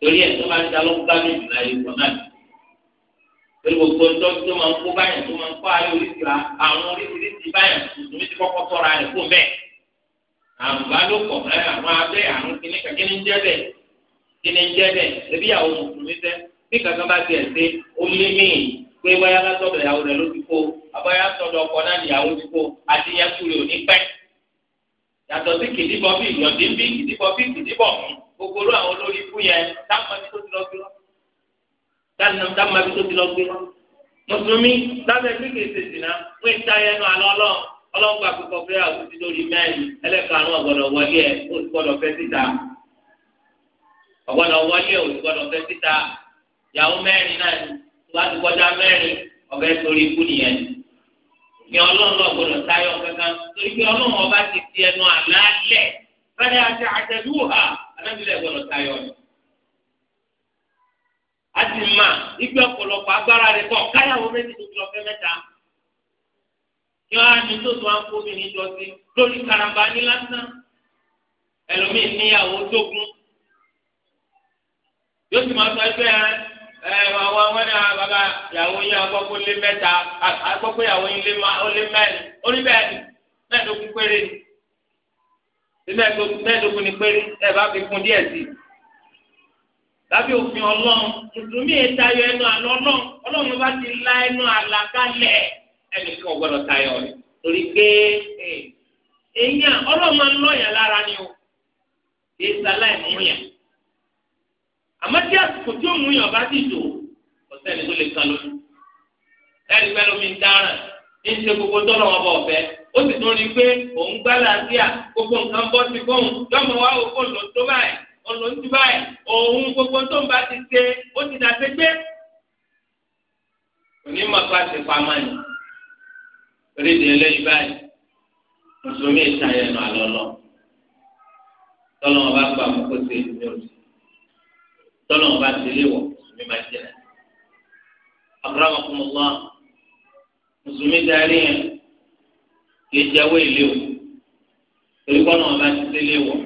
[SPEAKER 2] torí ẹ̀ tó máa ń dalọ́ gbádùn ìjìnlá ìwọ náà torí gbogbo ọjọ́ tó máa ń kó báyìí tó máa ń kó ayé oríṣiríṣi àwọn oríṣiríṣi báyìí mùsùlùmí ti kọ́kọ́ tọ́ra rẹ̀ fún bẹ́ẹ̀ àrùn bá ló kọ̀ ẹ́ àwọn abẹ́ àrùn kìíní kan jẹ́ bẹ́ẹ̀ kí jẹ́ bẹ́ẹ̀ Abaya, sọ̀dọ̀ ọkọ náà níyàwó ti kó adéyàkú rẹ̀ ò ní pẹ́. yàtọ̀ sí kìdìbọ̀ bí ìyọ̀dé bí kìdìbọ̀ bí kìdìbọ̀ gbogbo olú àwọn olórí ikú yẹn dámọ̀bí tó ti lọ gbé lọ. dámọ̀bí tó ti lọ gbé lọ. mùsùlùmí lábẹ́ gbígbé ìṣèṣìnà fún ìtayẹ ẹnu àlọ́ ọlọ́run ọlọ́run gba pípọ̀ fẹ́ àwùjọ lórí mẹ́rin ẹlẹ́karùn-ún ọ̀gbọ̀dọ̀ wọlé ẹ̀ olùgbọ́dọ̀ fẹ́ síta ọ̀gbọ́dọ̀ wọlé ẹ̀ olùgbọ́dọ̀ fẹ́ síta ìyàwó mẹ́rin náà wọ́n ti kọjá mẹ́rin ọ̀fẹ́ sórí ikú nìyẹn ní ọlọ́run náà gbọdọ̀ táyọ̀ kankan torí pé ọlọ́run ọba ti fi ẹnu àlá lẹ̀ fẹ́rẹ́ àti àtẹ̀lú ha anábìlẹ̀ gbọdọ̀ táyọ̀ ni. a ti mà ipe ọ̀pọ̀lọpọ̀ agbára rẹ̀ kọ̀ káyàwó méjì tó fi lọ fẹ́ mẹ́ta. kí wọ́n tó tó àǹkó mi níjọ sí lórí karamba ní lásán ẹlòmíì níyàwó tógun yóò sì máa sọ ẹgbẹ́ rẹ̀. ẹ wọn wọn ní àwọn bàbá ìyàwó yín agbọ́kú lé mẹ́ta agbọ́kú ìyàwó yín lé mẹ́rin oníbẹ̀ẹ́ni mẹ́ẹ̀ẹ́dógún péré ebe mẹ́ẹ̀ẹ́dógún ni péré ẹ bá fi kún díẹ̀ sí i lábẹ́ òfin ọlọ́run mùsùlùmí yẹn tayọ ẹnu àlọ́ náà ọlọ́run bá ti la ẹnu àlà kalẹ̀ ẹnìkan ò tayọ eh, ni o èyí sáláì mú àmọ́ tí àsìkò tí ó mú yàn bá ti dò ọ̀sẹ̀ ni tó lè kan lójú ẹ̀rí pẹ́ lómi ń dára ní ṣe gbogbo tọ́lọ̀ wọn bọ̀ ọ̀fẹ́ ó sì tún rí i pé òun gbá làásìá gbogbo nǹkan bọ́ sí fóun yọmọ wa ò fóun ló tó báyìí òun ló ń báyìí òun gbogbo tó ń bá ti ṣe ó ti dà sí pé onímọ̀ bá ni oríṣi eléyìí báyìí mùsùlùmí ìtayẹnu àlọ́lọ́ tọ́lọ́ wọn bá gbà mú kó ṣe ìdíyọ̀sí tọ́lọ̀ ń bá délé wọ̀ mùsùlùmí máa jẹ́ náà. àbúrámà fún mi lọ́wọ́ mùsùlùmí darí yẹn kì í jáwé ilé o torí kọ́nà ọba ti délé wọ̀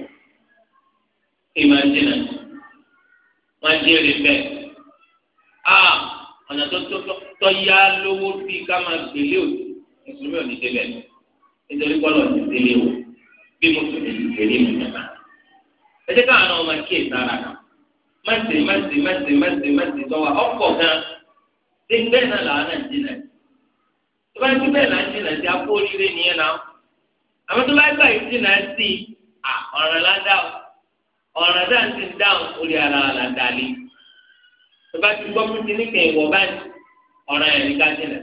[SPEAKER 2] kí máa jẹ́ náà máa jẹ́ èrè bẹ́ẹ̀. a ọ̀nà tó tọ́ yá lówó bí ká máa gbélé o mùsùlùmí ò ní délé nítorí kọ́nà ọba ti délé wọ̀ bí mùsùlùmí ti délé mi nàá. ẹ jẹ́ káwọn ọmọ kí èsì ara kan mẹsì mẹsì mẹsì mẹsì mẹsì tọwọ ọkọ gan ṣé bẹ́ẹ̀ náà làwọn náà ń jìnà tó bá ti bẹ́ẹ̀ náà ń jìnà sí akó oríire nìyẹn náà àmọ́ tó bá gbà yìí jìnà sí à ọ̀ràn ládà ọ̀ràn dáà ti ń dáhùn orí ara là dàlí tó bá ti gbọ́ fún ti níkẹ́ ìwọ̀ báyìí ọ̀ràn yẹn ní ká jìnà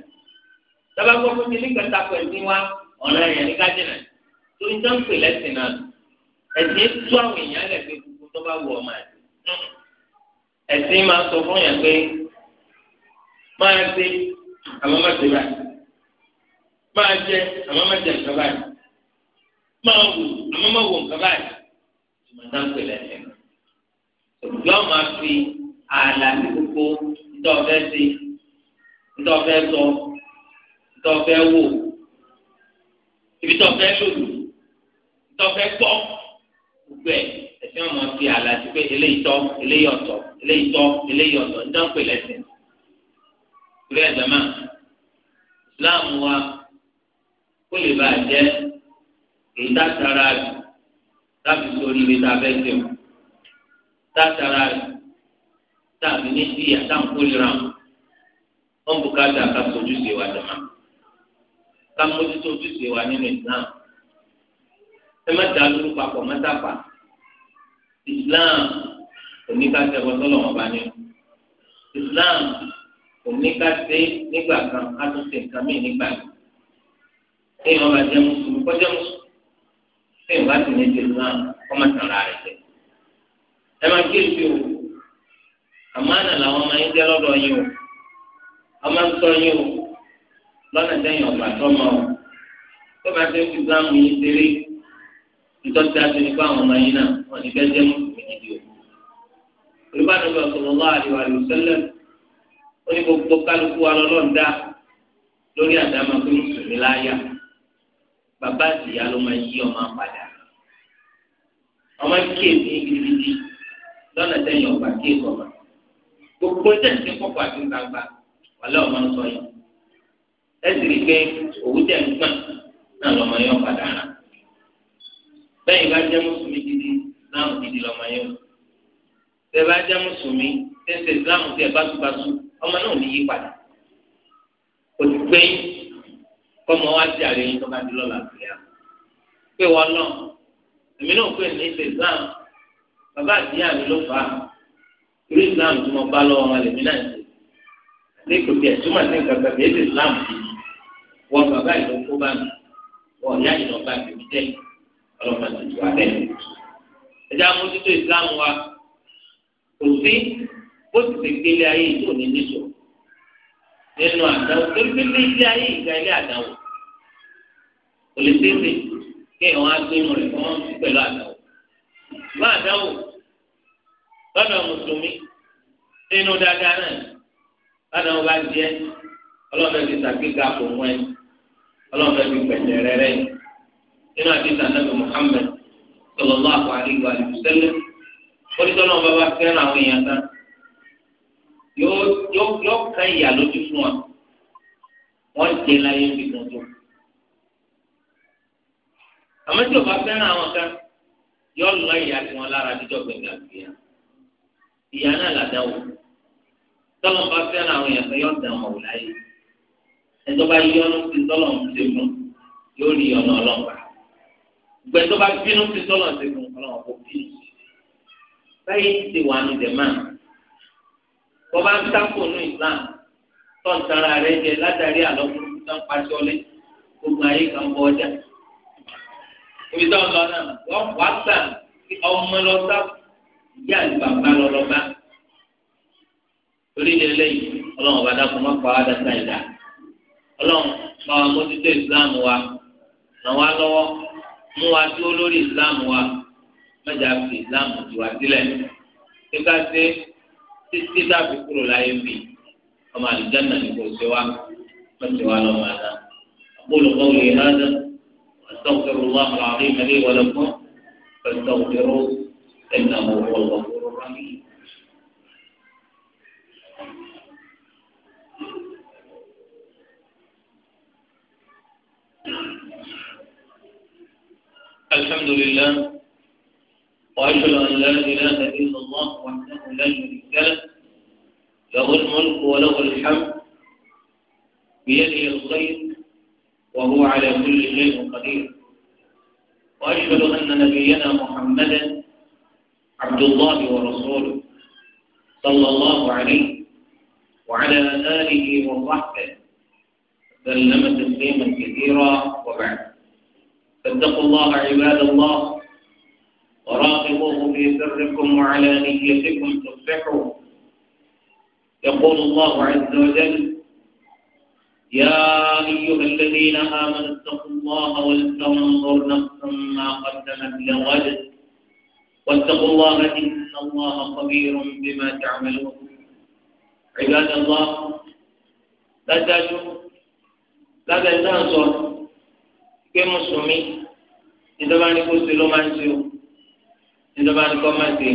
[SPEAKER 2] tó bá gbọ́ fún ti níkẹ́ takọ̀ ẹ̀sìn wa ọ̀ràn yẹn ní ká jìnà torí sáńpẹ̀ lẹ́sìn náà ẹ̀sìn tó àwọn èèyàn lẹ̀ ẹ̀sìn máa sọ fún yẹn pé máa ṣe àmọ́ má ṣe báyìí máa jẹ àmọ́ má jẹ nǹkan báyìí máa wò àmọ́ má wò nǹkan báyìí ìmọ̀ náà ń pèlè ẹ̀sìn náà òṣìṣẹ́ ọ̀ máa fi ààlà sí gbogbo nítorí ọ̀fẹ́ ṣe nítorí ọ̀fẹ́ sọ nítorí ọ̀fẹ́ wò ibi ọ̀fẹ́ lòlù nítorí ọ̀fẹ́ gbọ́ gbogbo ẹ̀ ẹsẹ ọmọ fi àlà sí pé eléyìí tọ́ eléyìí ọ̀tọ̀ eléyìí tọ́ eléyìí ọ̀tọ̀ ń dánpẹ lẹsìn ìrẹ ẹgbẹmọ islam wa kó lè bá a jẹ èyí dátara rẹ láti sórí rẹ tá a fẹ́ sẹ́wọ̀n dátara rẹ tá a fi ní sí àtàkùnlera wọn bùkátà ká sojú sí wa jẹ máa ká mójútó ojúṣe wa nínú islam ẹ má dá lórúkọ àpọ̀ mọ́tàpá islam oníkàtẹ bọtọlọ wọn bá ní islam oníkàtẹ nígbà kan kátúnṣe nǹkan mí nígbà yìí kéèyàn bá jẹ mùsùlùmí kọjá mùsùlùmí kéèyàn bá sì ní ti islam kọ́má tàn ra rẹ̀ jẹ ẹ máa kí èsì o àmàna làwọn ọmọ yín jẹ lọ́dọ̀ yín o ọmọ ń sọ yín o lọ́nà tẹ̀yìn ọ̀gbà tó o tó bá ti islam yín ṣeré nítorí dájú nípa àwọn ọmọ yín náà wọn ní bẹ́ẹ̀ jẹ́ mùsùlùmí níbi òkú. olùbánu bá sọ̀rọ̀ lọ́wọ́ àríwá àríwá sẹ́lẹ̀ ó ní gbogbo kálukú wa lọ́lọ́ọ̀dá lórí àdámà pé mùsùlùmí láyà bàbá àtìyá ló máa yí ọmọ padà. ọmọ kéèké gidigidi lọ́nà tẹ̀yìn ọgbà kéèké ọmọ gbogbo tẹ̀sí kọ̀kọ̀ àti gbangba wàlẹ́ ọmọ ń sọ yìí ẹ sì rí pé òwú tẹ̀ ń gbà náà lọ́mọ yọ padà rán bẹ́ẹ̀ bá jẹ́ mùsùlùmí gidi islam gidi lọ́mọ yẹn o bẹ́ẹ̀ bá jẹ́ mùsùlùmí tẹ̀sẹ̀ islam tẹ̀ báṣubàṣu ọmọ náà ní yípadà òtùpẹ́ kọ́mọ wá sí àlẹ́ yín tó bá di lọ́la àgbéyà pé wọ́n lọ èmi náà pè ní ìfẹ́ islam bàbá àdìyà mi ló fà á irú islam tí mo bá lọ́wọ́ wọn lèmi náà ṣe àti kò tiẹ̀ túmọ̀ sí nǹkan kan bíi islam wọ bàbá ìlú kó bá mi wọ ìyá ìlú ọba ìlú ọlọ́mọ ti tù alẹ́. ẹja mójútó ìsìlámù wa kò sí bó ti ṣe gbélé ayé ìtò ní níṣọ nínú àdáwò tó gbélé ilé ayé ìgbà ilé àdáwò kò lè tètè kí ẹ̀wọ̀n agbénu rẹ̀ kọ́ pẹ̀lú àdáwò. má àdáwò lọ́dọ̀ mùsùlùmí nínú dáadáa náà lọ́dọ̀ wọn bá jẹ́ ọlọ́mọ ti ṣàgbéga kò mú ẹ ti pẹ̀tẹ̀ rẹ rẹ́yìn nínú àdìsí ànábì Muhammad sallallahu alaihi wa sallam oníṣẹ́ náà bàbá fẹ́ràn àwọn èèyàn tán yóò ká ìyà lójú fún wa wọ́n jẹ́ láyé fi gan tó. àmọ́ tí o bá fẹ́ràn àwọn kan yóò lọ ìyá tí wọ́n lára dídọ̀ gbẹ̀ngà gbìyà ìyá náà làdáwò tọ́lọ́n bá fẹ́ràn àwọn èèyàn kan yóò dàn wọ́n wò láyé ẹjọ́ bá yí ọ́nà sí tọ́lọ́n ṣe fún yóò rí ọ̀nà ọlọ́pàá gbẹ tó bá bínú sí sọlọ ṣe fún Ọlọ́run kò bí báyìí ti wà ní dèmà tó bá ń sáfò ní Islam tó ń tara rẹ jẹ látàrí àlọkùnrin tó ń paṣọ lé gbogbo ayé kan bọ ọjà ibi tó ń lọ náà wọn wá gbà kí ọmọ lọ sáfò ìyá àti bàbá lọ lọ bá orílẹ̀ eléyìí Ọlọ́run bá dákun má pa á dáta ìdá Ọlọ́run bá wa mójútó Islam wa ràn wá lọ́wọ́ mú wa dúró lórí islam wa mẹ́jà fi islam ju wa sílẹ̀ kíkà sí títí dábì kúrò láyé mi ọmọ àlùjáná ni kò ṣe wa wọ́n ṣe wa lọ́wọ́ àná أقول قولي هذا وأستغفر الله العظيم لي ولكم فاستغفروه إنه هو الغفور الرحيم الحمد لله وأشهد أن لا إله إلا الله وحده لا شريك له له الملك وله الحمد بيده الخير وهو على كل شيء قدير وأشهد أن نبينا محمدا عبد الله ورسوله صلى الله عليه وعلى آله وصحبه سلم تسليما كثيرا وبعد فاتقوا الله عباد الله وراقبوه في سركم وعلى نيتكم تصبحوا يقول الله عز وجل يا أيها الذين آمنوا اتقوا الله ولتنظر نفس ما قدمت لغد واتقوا الله إن الله خبير بما تعملون عباد الله لا تجوا لا تناصر pé mùsùlùmí ìjọba ní kó ṣe ló máa ń ṣe o ìjọba ní kó máa ṣe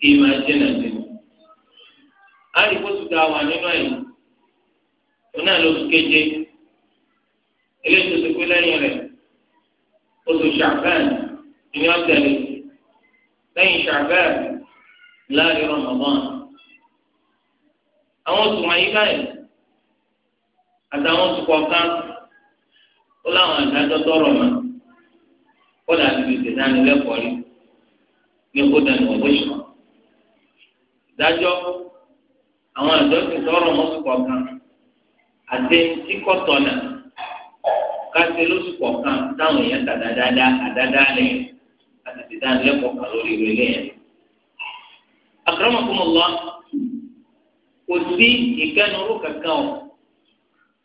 [SPEAKER 2] kí n máa jìnnà sí i. àríkó sì ta wà nínú ẹ̀yìn òun náà lóṣù keje eléyìí tó ti pé lẹ́yìn rẹ̀ oṣù ṣàfẹ́ẹ̀ ní ọ̀tẹ̀lẹ̀ lẹ́yìn ṣàfẹ́ẹ̀ láàrin Ramadan àwọn oṣù wọ̀nyí báyìí àtàwọn oṣù kọ̀ọ̀kan ó láwọn àdájọ́ tọrọ mọ́ kódà ti fi ṣètàn lẹ́kọ̀ọ́ rí ní kódà ní ọ̀bọ̀ ìṣọ̀ ìdájọ́ àwọn àdọ́sìn tọrọ mọ́ sùpọ̀ kan àti tí kò tọ̀nà kásẹ̀ ló sùpọ̀ kan táwọn èèyàn tà dáadáa àdáadáa lẹ̀ àti ṣètàn lẹ́kọ̀ọ́ kan lórí ìwé lẹ́yìn. akramakumullah kò sí ìkẹnuró kankan o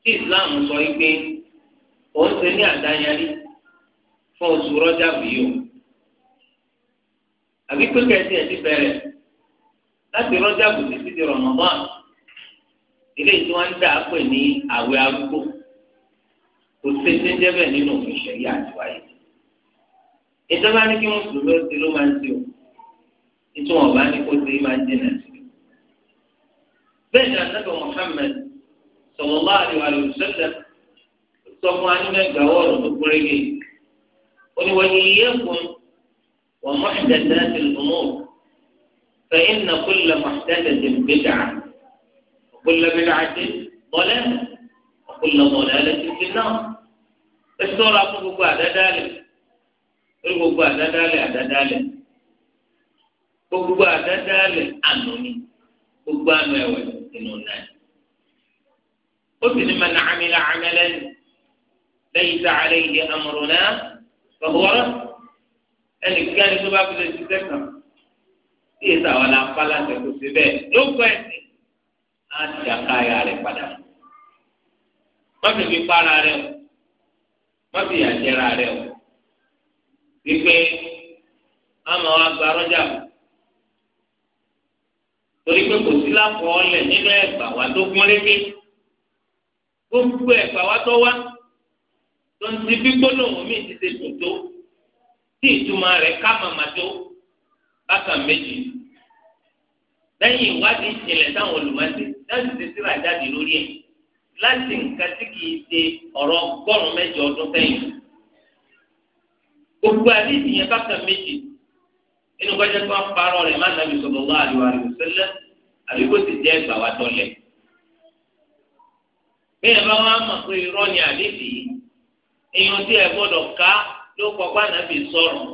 [SPEAKER 2] tí Islam sọ yìí pé. ó ń ṣe ní àdáyẹrí fún oṣù rọ́jà bìí àbí pé kẹ́sì ẹ̀ ti bẹ̀rẹ̀ láti rọ́jà bù títí di ilé tí wọ́n ń dà á pè ní àwẹ̀ arúgbó kò sí ti ń jẹ́ nínú òfin ìṣẹ̀rí àtiwáyé ìjọba ní kí o ìtumọ̀ ọba ní kó ti máa ń dènà sí i ni sọ fún anúmọ̀ ẹgbà wọ́ọ̀lù tó péré yìí ó ní wọ́n yìí yẹ fún wọn mọ̀ṣẹ̀dẹ̀dẹ̀ ti lùmọ̀ fẹ̀yìn nà kúlẹ̀ mọ̀ṣẹ̀dẹ̀ ti gbẹ̀dà kúlẹ̀ gbẹ̀dà ti bọ̀lẹ̀ kúlẹ̀ bọ̀lẹ̀ lẹ ti fi náà ẹ sọ̀rọ̀ fún gbogbo àdádálẹ̀ lórí gbogbo àdádálẹ̀ àdádálẹ̀ gbogbo àdádálẹ̀ ànú ni gbogbo ànú ẹ̀wẹ̀ nínú náà ó sì ní mọ̀ nàámi làámẹ́lẹ́ni. ليس عليه أمرنا فهو رد ẹnìkan tó bá fi lè ṣiṣẹ́ kan tí èsì àwọn aláǹfà láti ẹ̀kọ́ sí bẹ́ẹ̀ ló kọ́ ẹ̀sìn á ti àkáyà rẹ̀ padà. wọ́n fi fi para rẹ̀ o wọ́n fi àjẹra rẹ̀ o wípé àmọ́ àgbà torí pé kò sí lákọọ́lẹ̀ nínú ẹ̀gbà wa tó gún régé gbogbo ẹ̀gbà wa tó wá tó ń ti bí gbólóhùn mi ti ṣe dùn tó tí ìtumọ̀ rẹ̀ ká màmá tó bákan méjì lẹ́yìn ìwádìí ìjìnlẹ̀ táwọn olùmọ̀ọ́sí láti ṣe síra jáde lórí ẹ̀ láti nǹkan tí kìí ṣe ọ̀rọ̀ ọgọ́rùn-ún mẹ́jọ ọdún sẹ́yìn gbogbo àdéhùn yẹn bákan méjì inú gbọ́dọ̀ tó ń parọ́ rẹ̀ má nàbì sallallahu alaihi wasallam àbí kò sì jẹ́ ẹgbàá wa tọ́lẹ̀ bí ẹ bá wá mọ̀ pé irọ́ ni àdéhùn yìí èèyàn tí ẹ gbọ́dọ̀ ká ló kọ́kọ́ ànábì sọ̀rọ̀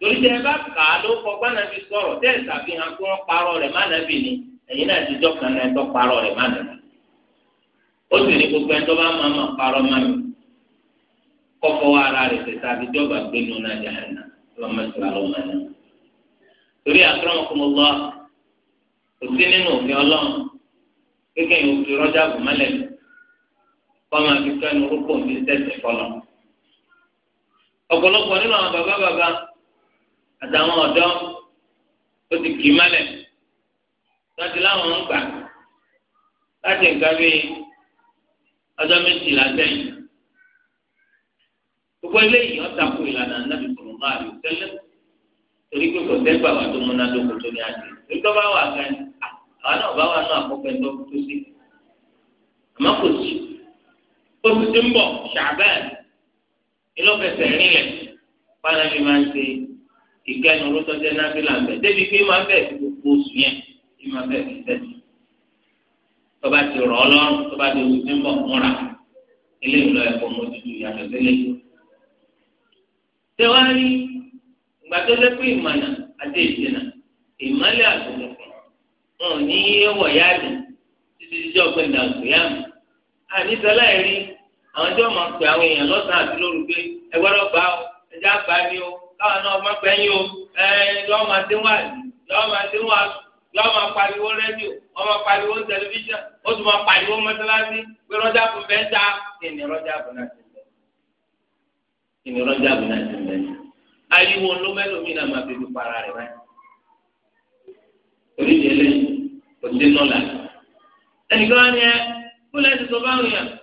[SPEAKER 2] torí tẹ ẹ bá kà á ló kọ́kọ́ ànábì sọ̀rọ̀ tẹ ẹ ṣàfihàn pé wọ́n parọ́ rẹ̀ má ànábì ni ẹ̀yin náà ti dọ́kan náà tó parọ́ rẹ̀ má ànábì ó sì ní gbogbo ẹni ara rẹ̀ tẹ̀sà àbí tí ọba gbé nínú náà jẹ́ àná náà torí nínú òfin ọlọ́run kọ́mọ fi kẹ́nu rúkọ ní tẹ̀sán kọ́nà. ọ̀pọ̀lọpọ̀ nínú àwọn bàbá bàbá àtàwọn ọ̀dọ́ tó ti kì í mọ́lẹ̀ láti láwọn ń gbà láti nǹkan bíi ọjọ́ méjìlá sẹ́yìn. gbogbo eléyìí ọ̀tà kú ìlànà nàbì sọ̀rọ̀ máa lò tẹ́lẹ̀ torí pé kò sẹ́gbà wà tó múnádóko tó ní àjẹ́ torí tó bá wà gan-an àwọn náà bá wà náà àkọ́kọ́ ẹ̀ tó sí àmọ́ kò sí oṣù tí ń bọ̀ ṣàbẹ́ẹ̀ ìlọ́fẹsẹ̀ rinlẹ̀ fanabi máa ń ṣe ìkẹyìn olótọ́jẹ́ nábìlà ń bẹ̀ débi pé máa bẹ̀ sí gbogbo oṣù yẹn kí máa bẹ̀ sí sẹ́tì tọ́ba ti rọ̀ ọ́ lọ́rùn tọ́ba ti oṣù tí ń bọ̀ múra ilé ìlọ ẹ̀kọ́ mọ́tútù yàtọ̀ sílẹ̀ tẹwárí ìgbà tó lé pé ìmọ̀nà àti ìdènà ìmọ̀lẹ̀ àtòmọ̀kùn wọn ò ní yé àwọn tí wọn máa pè àwọn èèyàn lọ́sàn-án àti lóru pé ẹ gbọ́dọ̀ gbà ó ẹ já gbà o káwọn náà yín o ẹ yọ máa dín wá yọ máa dín wá yọ máa pariwo rédíò wọn máa pariwo tẹlifíṣàn ó tún máa pariwo pé rọ́jà ta rọ́jà náà ti rọ́jà náà ti ló náà máa fi fi para rẹ̀ báyìí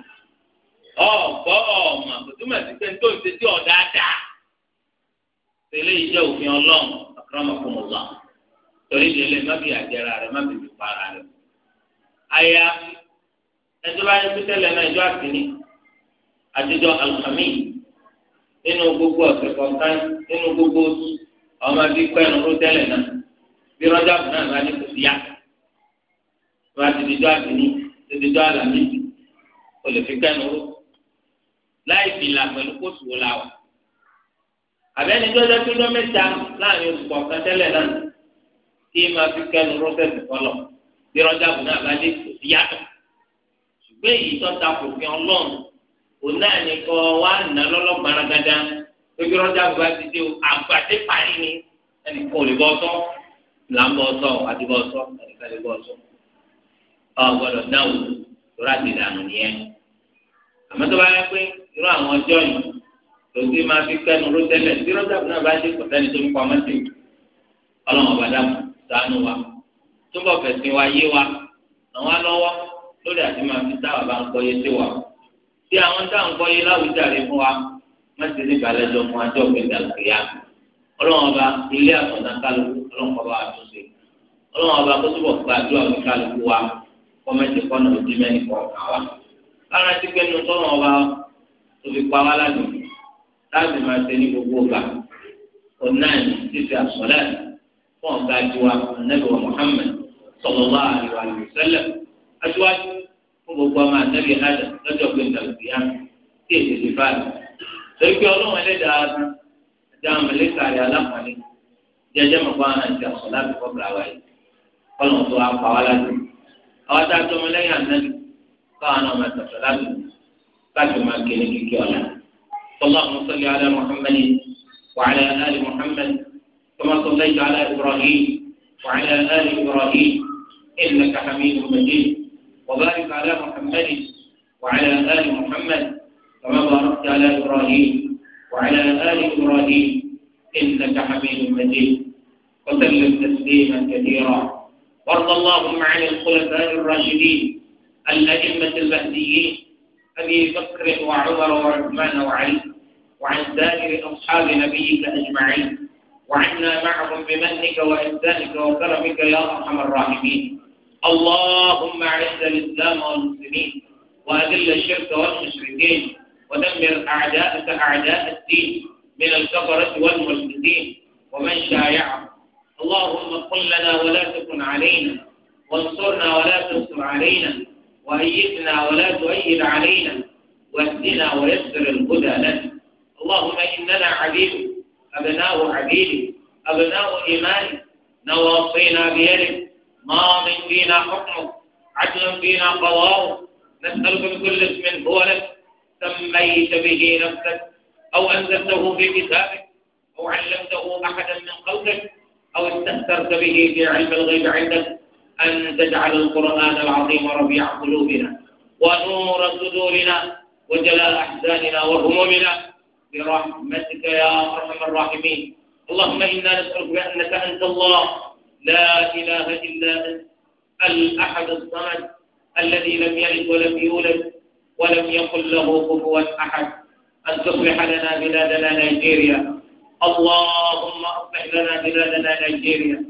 [SPEAKER 2] ọ̀gbọ́ ọ̀mà kò túmọ̀ sí pé nítorí ṣe tí ọ̀dà dà tẹ́lẹ̀ yìí jẹ́ òfin ọlọ́run àkàràmọ̀ fún ọ̀gá torí ìdílé má bí àjẹrà rẹ̀ má bí ìpara rẹ̀. àyà ẹjọ́ bá yẹ kó tẹ́lẹ̀ náà ẹjọ́ àtìní àtijọ́ alùpàmì nínú gbogbo ọ̀sẹ̀ kọ̀ọ̀kan nínú gbogbo ọmọ bíi pẹ́ẹ́nù ló tẹ́lẹ̀ náà bí rọ́jà fún náà láti kò sí yá wọ́n ti dijọ́ àtìní ti dijọ́ àlàmì olè fi pẹ́ẹ́nù ló láì fìlà pẹ̀lú kóòtù wò láwà. àbẹ́ni tó jẹ́ pé dọ́mẹ́ta láàrin oṣù kọ̀ọ̀kan tẹ́lẹ̀ náà kí máa fi kẹnu rọ́sẹ̀sì fọlọ̀ bí rọ́jà bù náà bá dé kò sí yàtọ̀. ṣùgbọ́n èyí tó ta kò fi ọlọ́run òun náà ní kọ́ wá nà lọ́lọ́gbàrá gada pé bí rọ́jà bù bá ti dé o àgbàdé parí ni ẹnì kan ò lè bọ́ sọ́ là ń bọ́ sọ́ àti bọ́ sọ́ ẹnì kan lè bọ́ sọ́ ọ gbọ́dọ̀ dáwò lórí àgbèdànù nìyẹn àmọ́ tó bá yẹ pé irú àwọn ọjọ́ yìí lòdì máa fi kẹ́nu ró tẹ́lẹ̀ tí rọ́jàbù náà bá dé kò sẹ́ni tó ń pa ọmọ sí i ọlọ́run ọ̀bàdà sànù wa túbọ̀ fẹ̀sìn wa yé wa àwọn alọ́wọ́ lórí àti máa fi táwa bá ń kọ́ yé sí wa tí àwọn táwọn kọ́ yé láwùjáre fún wa má ti ní balẹ̀ jọ fún ajọ́ gbẹ̀dà kìíyà ọlọ́run ọba ilé àtọ̀nà kálukú ọlọ́run ọba àtúnṣe ọlọ́run ọba kó túbọ̀ gbàdúrà ní kálukú wa kọ́mẹ́tì kọ́nà òdì mẹ́rin kọ̀ọ̀kan tóbi pa wá lánàá láti máa ṣe ní gbogbo ọgbà onáàní títí àsọlẹ fún ọgá tiwa anabiwa Muhammad sallallahu alaihi wasallam aṣíwájú fún gbogbo ọmọ anabi adam lọ́jọ́ pé dàgbé ya kí èdè ti bá rẹ torí pé Ọlọ́run Ẹlẹ́dàá àti àwọn mẹlẹka rẹ alápàlẹ jẹjẹ mọkọ àti àsọlẹ àti kọbìlà wa yìí Ọlọ́run tó wá pa wá àwọn tá a anabi káwọn náà máa tọ̀tọ̀ lánàá. بعد ما كاين كي كيولا اللهم صل على محمد وعلى ال محمد كما صليت على ابراهيم وعلى ال ابراهيم انك حميد مجيد وبارك على محمد وعلى ال محمد كما باركت على ابراهيم وعلى ال ابراهيم انك حميد مجيد وسلم تسليما كثيرا وارض اللهم عن الخلفاء الراشدين الائمه المهديين أبي بكر وعمر وعثمان وعلي وعن سائر أصحاب نبيك أجمعين وعنا معهم بمنك وإحسانك وكرمك يا أرحم الراحمين اللهم أعز الإسلام والمسلمين وأذل الشرك والمشركين ودمر أعداءك أعداء الدين من الكفرة والملحدين ومن شايعهم اللهم قل لنا ولا تكن علينا وانصرنا ولا تنصر علينا وأيدنا ولا تؤيد علينا واهدنا ويسر الهدى لنا اللهم إننا عبيدك أبناء عبيدك أبناء إيمانك نواصينا بيدك ماض فينا حكمك عدل فينا قضاؤك نسألك بكل اسم هو لك سميت به نفسك أو أنزلته في كتابك أو علمته أحدا من قلبك أو استأثرت به في علم الغيب عندك أن تجعل القرآن العظيم ربيع قلوبنا ونور صدورنا وجلاء أحزاننا وهمومنا برحمتك يا أرحم الراحمين اللهم إنا نسألك بأنك أنت الله لا إله إلا أنت الأحد الصمد الذي لم يلد ولم يولد ولم يقل له كفوا أحد أن تصلح لنا بلادنا نيجيريا اللهم أصلح لنا بلادنا نيجيريا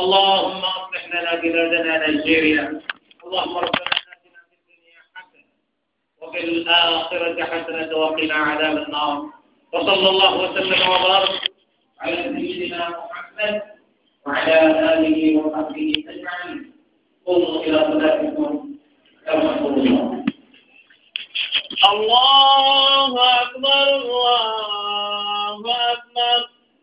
[SPEAKER 2] اللهم اصلح لنا بلادنا نيجيريا اللهم ربنا اتنا في الدنيا حسنه وفي الاخره حسنه وقنا عذاب النار وصلى الله وسلم وبارك على سيدنا محمد وعلى اله وصحبه اجمعين قوموا الى صلاتكم كما قلنا الله اكبر الله اكبر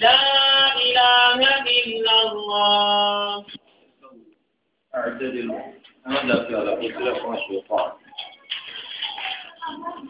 [SPEAKER 2] لا إله إلا الله أعتدل أنا لا في هذا الشيطان